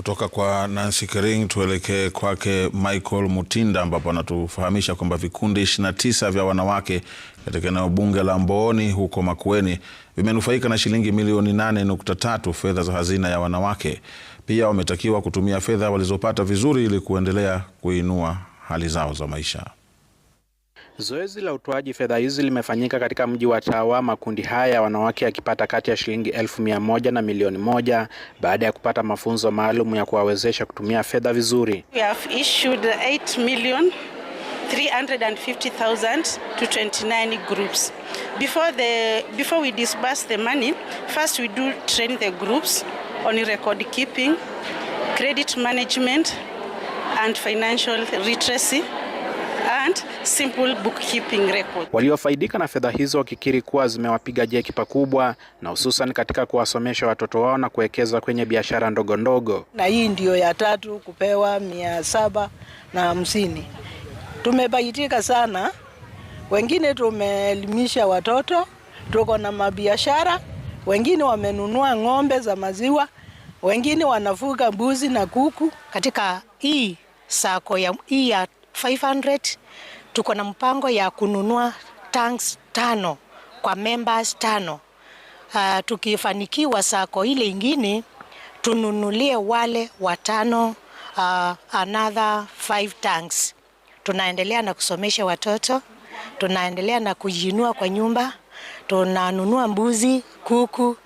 Kutoka kwa Nancy Kering tuelekee kwake Michael Mutinda ambapo anatufahamisha kwamba vikundi 29 vya wanawake katika eneo bunge la Mbooni huko Makueni vimenufaika na shilingi milioni 8.3 fedha za hazina ya wanawake. Pia wametakiwa kutumia fedha walizopata vizuri ili kuendelea kuinua hali zao za maisha. Zoezi la utoaji fedha hizi limefanyika katika mji wa Tawa, makundi haya wanawake yakipata kati ya shilingi elfu mia moja na milioni moja baada ya kupata mafunzo maalum ya kuwawezesha kutumia fedha vizuri. We have issued 8 million 350,000 to 29 groups. Before the before we disburse the money, first we do train the groups on record keeping, credit management and financial literacy and simple bookkeeping record. Waliofaidika na fedha hizo wakikiri kuwa zimewapiga jeki pakubwa, na hususan katika kuwasomesha watoto wao na kuwekeza kwenye biashara ndogo ndogo. Na hii ndiyo ya tatu kupewa mia saba na hamsini. Tumebaitika sana, wengine tumeelimisha watoto, tuko na mabiashara, wengine wamenunua ng'ombe za maziwa, wengine wanafuga mbuzi na kuku katika hii sako ya hii ya 500 tuko na mpango ya kununua tanks tano kwa members tano. Uh, tukifanikiwa sako ile ingine tununulie wale watano uh, another five tanks. Tunaendelea na kusomesha watoto, tunaendelea na kujinua kwa nyumba, tunanunua mbuzi, kuku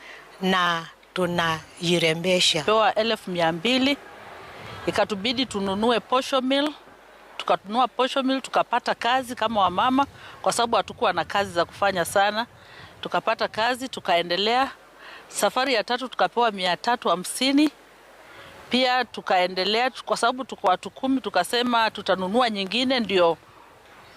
na tunajirembesha. Pewa elfu mia mbili ikatubidi tununue posho mill tukanunua posho mill tukapata kazi kama wamama, kwa sababu hatukuwa na kazi za kufanya sana. Tukapata kazi tukaendelea. Safari ya tatu tukapewa mia tatu hamsini pia tukaendelea, kwa sababu tuko watu kumi, tukasema tutanunua nyingine ndio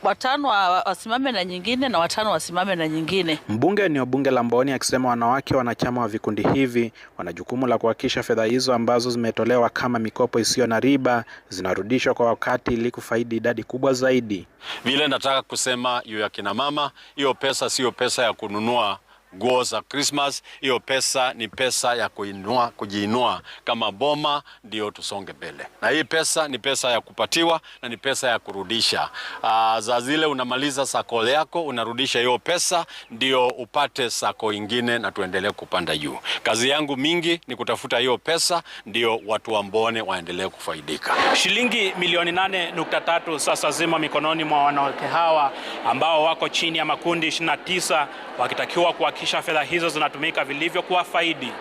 watano wasimame na nyingine na watano wasimame na nyingine. Mbunge ni bunge la Mbooni akisema wanawake wanachama wa vikundi hivi wana jukumu la kuhakikisha fedha hizo ambazo zimetolewa kama mikopo isiyo na riba zinarudishwa kwa wakati ili kufaidi idadi kubwa zaidi. Vile nataka kusema yu ya kina mama, hiyo pesa siyo pesa ya kununua nguo za Christmas. Hiyo pesa ni pesa ya kuinua, kujiinua kama boma, ndio tusonge mbele. Na hii pesa ni pesa ya kupatiwa na ni pesa ya kurudisha. Aa, ah, za zile unamaliza sako yako unarudisha hiyo pesa, ndio upate sako ingine na tuendelee kupanda juu. Kazi yangu mingi ni kutafuta hiyo pesa, ndio watu wa Mbone waendelee kufaidika. Shilingi milioni nane nukta tatu sasa zima mikononi mwa wanawake hawa ambao wako chini ya makundi 29 wakitakiwa kwa kuhakikisha fedha hizo zinatumika vilivyo kuwafaidi.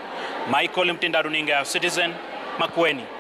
Michael Mtinda, runinga ya Citizen, Makueni.